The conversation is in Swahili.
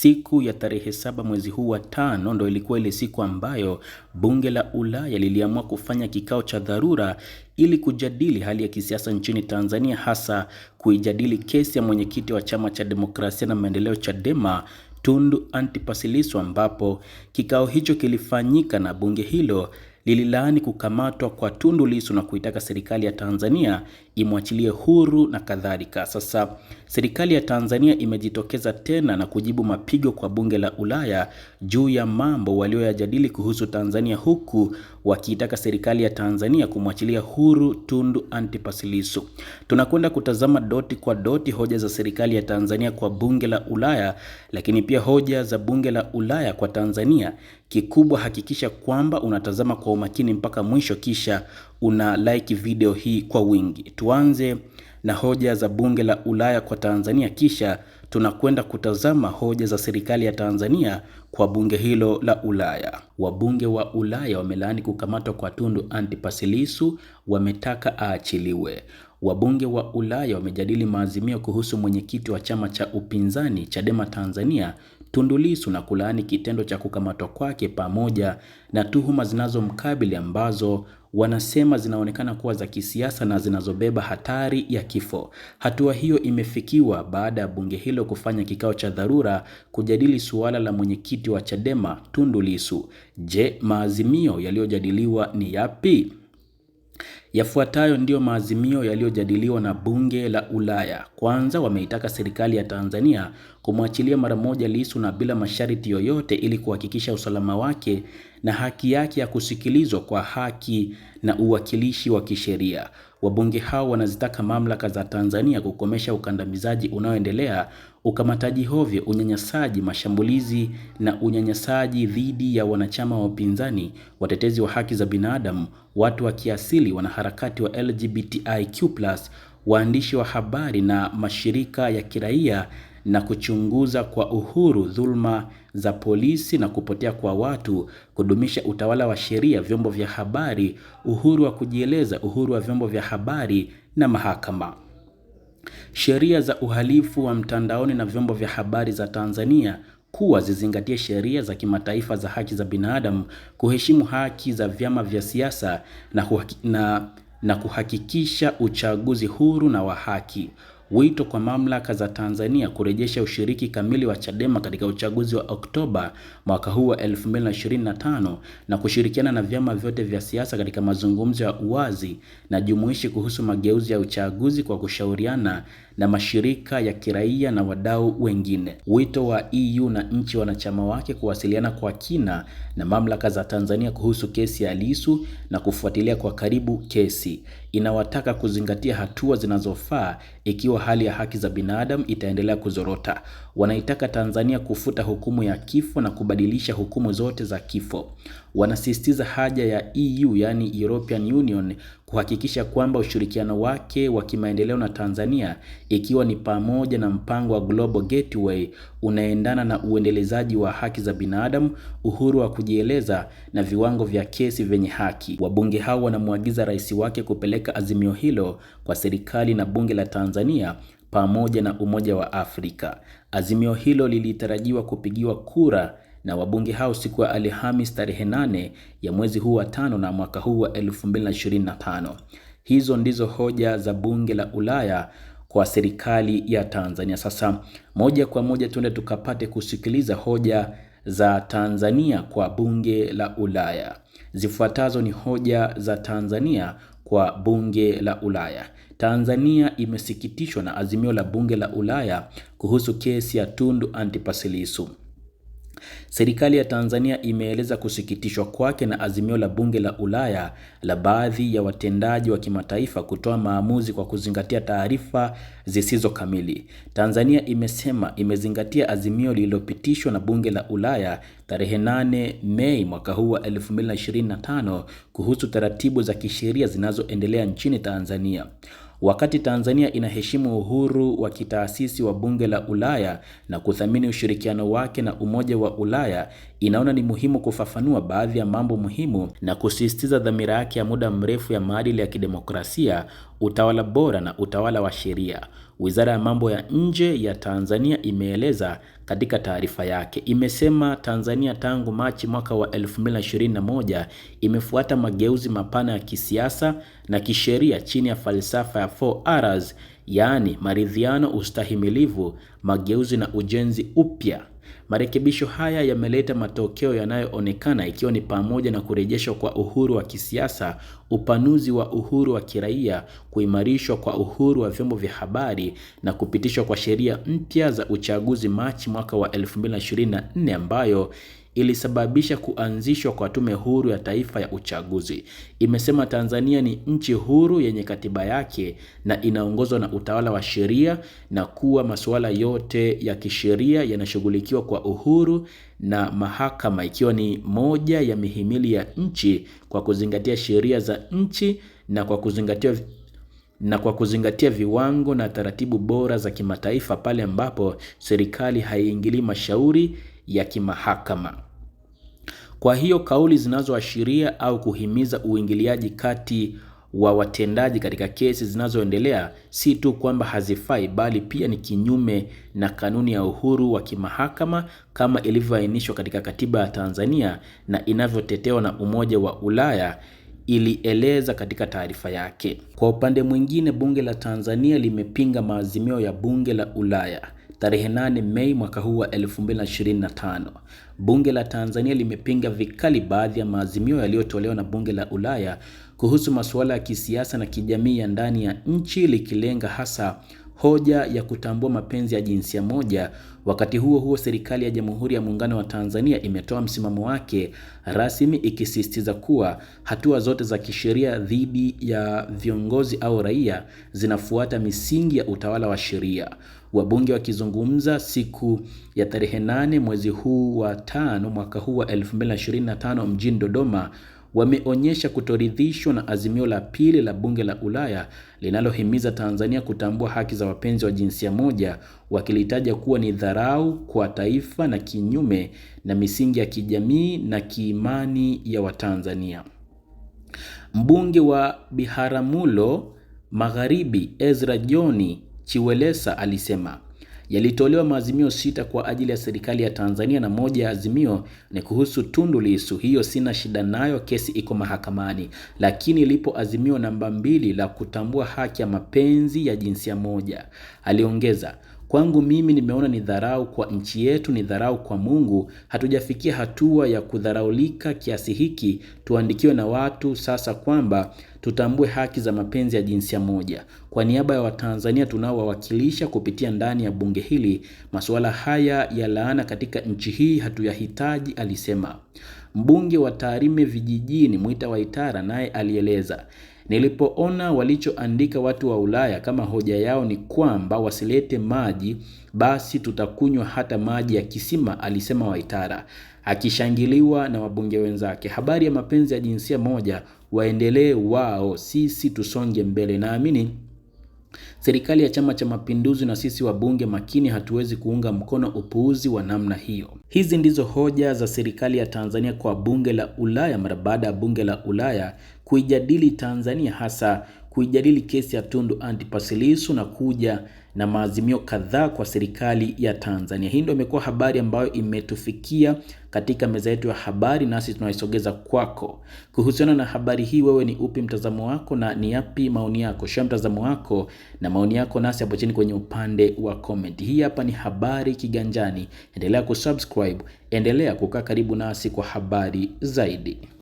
Siku ya tarehe saba mwezi huu wa tano ndo ilikuwa ile siku ambayo bunge la Ulaya liliamua kufanya kikao cha dharura ili kujadili hali ya kisiasa nchini Tanzania, hasa kuijadili kesi ya mwenyekiti wa chama cha demokrasia na maendeleo Chadema Tundu Antipas Lissu, ambapo kikao hicho kilifanyika na bunge hilo lililaani kukamatwa kwa Tundu Lissu na kuitaka serikali ya Tanzania imwachilie huru na kadhalika. Sasa serikali ya Tanzania imejitokeza tena na kujibu mapigo kwa bunge la Ulaya juu ya mambo walioyajadili kuhusu Tanzania, huku wakiitaka serikali ya Tanzania kumwachilia huru Tundu Antipas Lissu. Tunakwenda kutazama doti kwa doti hoja za serikali ya Tanzania kwa bunge la Ulaya, lakini pia hoja za bunge la Ulaya kwa Tanzania. Kikubwa hakikisha kwamba unatazama kwa umakini mpaka mwisho, kisha una like video hii kwa wingi. Tuanze na hoja za bunge la Ulaya kwa Tanzania, kisha tunakwenda kutazama hoja za serikali ya Tanzania kwa bunge hilo la Ulaya. Wabunge wa Ulaya wamelaani kukamatwa kwa Tundu Antipas Lissu, wametaka aachiliwe. Wabunge wa Ulaya wamejadili maazimio kuhusu mwenyekiti wa chama cha upinzani Chadema Tanzania Tundu Lissu na kulaani kitendo cha kukamatwa kwake pamoja na tuhuma zinazomkabili ambazo wanasema zinaonekana kuwa za kisiasa na zinazobeba hatari ya kifo. Hatua hiyo imefikiwa baada ya bunge hilo kufanya kikao cha dharura kujadili suala la mwenyekiti wa Chadema Tundu Lissu. Je, maazimio yaliyojadiliwa ni yapi? Yafuatayo ndiyo maazimio yaliyojadiliwa na bunge la Ulaya. Kwanza, wameitaka serikali ya Tanzania kumwachilia mara moja Lissu na bila masharti yoyote ili kuhakikisha usalama wake na haki yake ya kusikilizwa kwa haki na uwakilishi wa kisheria. Wabunge hao wanazitaka mamlaka za Tanzania kukomesha ukandamizaji unaoendelea ukamataji hovyo, unyanyasaji, mashambulizi na unyanyasaji dhidi ya wanachama wa upinzani, watetezi wa haki za binadamu, watu wa kiasili, wanaharakati wa LGBTIQ+, waandishi wa habari na mashirika ya kiraia na kuchunguza kwa uhuru dhulma za polisi na kupotea kwa watu, kudumisha utawala wa sheria, vyombo vya habari, uhuru wa kujieleza, uhuru wa vyombo vya habari na mahakama sheria za uhalifu wa mtandaoni na vyombo vya habari za Tanzania kuwa zizingatie sheria za kimataifa za haki za binadamu, kuheshimu haki za vyama vya siasa na, na, na kuhakikisha uchaguzi huru na wa haki wito kwa mamlaka za Tanzania kurejesha ushiriki kamili wa Chadema katika uchaguzi wa Oktoba mwaka huu wa 2025 na kushirikiana na vyama vyote vya siasa katika mazungumzo ya uwazi na jumuishi kuhusu mageuzi ya uchaguzi kwa kushauriana na mashirika ya kiraia na wadau wengine. Wito wa EU na nchi wanachama wake kuwasiliana kwa kina na mamlaka za Tanzania kuhusu kesi ya Lissu na kufuatilia kwa karibu kesi. Inawataka kuzingatia hatua zinazofaa ikiwa hali ya haki za binadamu itaendelea kuzorota. Wanaitaka Tanzania kufuta hukumu ya kifo na kubadilisha hukumu zote za kifo wanasisitiza haja ya EU yani European Union kuhakikisha kwamba ushirikiano wake wa kimaendeleo na Tanzania ikiwa ni pamoja na mpango wa Global Gateway unaendana na uendelezaji wa haki za binadamu, uhuru wa kujieleza na viwango vya kesi vyenye haki. Wabunge hao wanamwagiza rais wake kupeleka azimio hilo kwa serikali na bunge la Tanzania pamoja na Umoja wa Afrika. Azimio hilo lilitarajiwa kupigiwa kura na wabunge hao siku ya alhamis tarehe nane ya mwezi huu wa tano na mwaka huu wa 2025. Hizo ndizo hoja za bunge la Ulaya kwa serikali ya Tanzania. Sasa moja kwa moja tuende tukapate kusikiliza hoja za Tanzania kwa bunge la Ulaya. Zifuatazo ni hoja za Tanzania kwa bunge la Ulaya. Tanzania imesikitishwa na azimio la bunge la Ulaya kuhusu kesi ya Tundu Antipas Lissu. Serikali ya Tanzania imeeleza kusikitishwa kwake na azimio la bunge la Ulaya la baadhi ya watendaji wa kimataifa kutoa maamuzi kwa kuzingatia taarifa zisizo kamili. Tanzania imesema imezingatia azimio lililopitishwa na bunge la Ulaya tarehe 8 Mei mwaka huu wa 2025 kuhusu taratibu za kisheria zinazoendelea nchini Tanzania. Wakati Tanzania inaheshimu uhuru wa kitaasisi wa Bunge la Ulaya na kuthamini ushirikiano wake na Umoja wa Ulaya, inaona ni muhimu kufafanua baadhi ya mambo muhimu na kusisitiza dhamira yake ya muda mrefu ya maadili ya kidemokrasia, utawala bora na utawala wa sheria. Wizara ya Mambo ya Nje ya Tanzania imeeleza katika taarifa yake, imesema Tanzania tangu Machi mwaka wa 2021 imefuata mageuzi mapana ya kisiasa na kisheria chini ya falsafa ya 4 Rs, yaani maridhiano, ustahimilivu, mageuzi na ujenzi upya. Marekebisho haya yameleta matokeo yanayoonekana ikiwa ni pamoja na kurejeshwa kwa uhuru wa kisiasa, upanuzi wa uhuru wa kiraia, kuimarishwa kwa uhuru wa vyombo vya habari na kupitishwa kwa sheria mpya za uchaguzi Machi mwaka wa 2024 ambayo ilisababisha kuanzishwa kwa Tume Huru ya Taifa ya Uchaguzi. Imesema Tanzania ni nchi huru yenye katiba yake na inaongozwa na utawala wa sheria na kuwa masuala yote ya kisheria yanashughulikiwa kwa uhuru na mahakama ikiwa ni moja ya mihimili ya nchi kwa kuzingatia sheria za nchi na kwa kuzingatia na kwa kuzingatia viwango na taratibu bora za kimataifa pale ambapo serikali haiingilii mashauri ya kimahakama. Kwa hiyo kauli zinazoashiria au kuhimiza uingiliaji kati wa watendaji katika kesi zinazoendelea si tu kwamba hazifai bali pia ni kinyume na kanuni ya uhuru wa kimahakama kama ilivyoainishwa katika katiba ya Tanzania na inavyotetewa na Umoja wa Ulaya ilieleza katika taarifa yake. Kwa upande mwingine, bunge la Tanzania limepinga maazimio ya bunge la Ulaya Tarehe 8 Mei mwaka huu wa 2025, bunge la Tanzania limepinga vikali baadhi ya maazimio yaliyotolewa na bunge la Ulaya kuhusu masuala ya kisiasa na kijamii ya ndani ya nchi likilenga hasa hoja ya kutambua mapenzi ya jinsia moja. Wakati huo huo, serikali ya Jamhuri ya Muungano wa Tanzania imetoa msimamo wake rasmi ikisisitiza kuwa hatua zote za kisheria dhidi ya viongozi au raia zinafuata misingi ya utawala wa sheria. Wabunge wakizungumza siku ya tarehe nane mwezi huu wa tano mwaka huu wa 2025 mjini Dodoma wameonyesha kutoridhishwa na azimio la pili la bunge la Ulaya linalohimiza Tanzania kutambua haki za wapenzi wa jinsia moja, wakilitaja kuwa ni dharau kwa taifa na kinyume na misingi ya kijamii na kiimani ya Watanzania. Mbunge wa Biharamulo Magharibi Ezra John Chiwelesa alisema yalitolewa maazimio sita kwa ajili ya serikali ya Tanzania na moja ya azimio ni kuhusu Tundu Lissu. Hiyo sina shida nayo, kesi iko mahakamani. Lakini lipo azimio namba mbili la kutambua haki ya mapenzi ya jinsia moja, aliongeza. Kwangu mimi nimeona ni dharau kwa nchi yetu, ni dharau kwa Mungu. Hatujafikia hatua ya kudharaulika kiasi hiki tuandikiwe na watu sasa kwamba tutambue haki za mapenzi ya jinsia moja. Kwa niaba ya Watanzania tunaowawakilisha kupitia ndani ya bunge hili, masuala haya ya laana katika nchi hii hatuyahitaji, alisema. Mbunge wa Tarime Vijijini Mwita Waitara naye alieleza Nilipoona walichoandika watu wa Ulaya kama hoja yao ni kwamba wasilete maji, basi tutakunywa hata maji ya kisima, alisema Waitara akishangiliwa na wabunge wenzake. Habari ya mapenzi ya jinsia moja waendelee wao, sisi tusonge mbele. Naamini serikali ya Chama cha Mapinduzi na sisi wabunge makini hatuwezi kuunga mkono upuuzi wa namna hiyo. Hizi ndizo hoja za serikali ya Tanzania kwa bunge la Ulaya mara baada ya bunge la Ulaya kuijadili Tanzania, hasa kuijadili kesi ya Tundu Antipas Lissu na kuja na maazimio kadhaa kwa serikali ya Tanzania. Hii ndio imekuwa habari ambayo imetufikia katika meza yetu ya habari, nasi tunaisogeza kwako. Kuhusiana na habari hii, wewe ni upi mtazamo wako na ni yapi maoni yako? Shia mtazamo wako na maoni yako nasi hapo chini kwenye upande wa comment. Hii hapa ni habari Kiganjani, endelea kusubscribe, endelea kukaa karibu nasi kwa habari zaidi.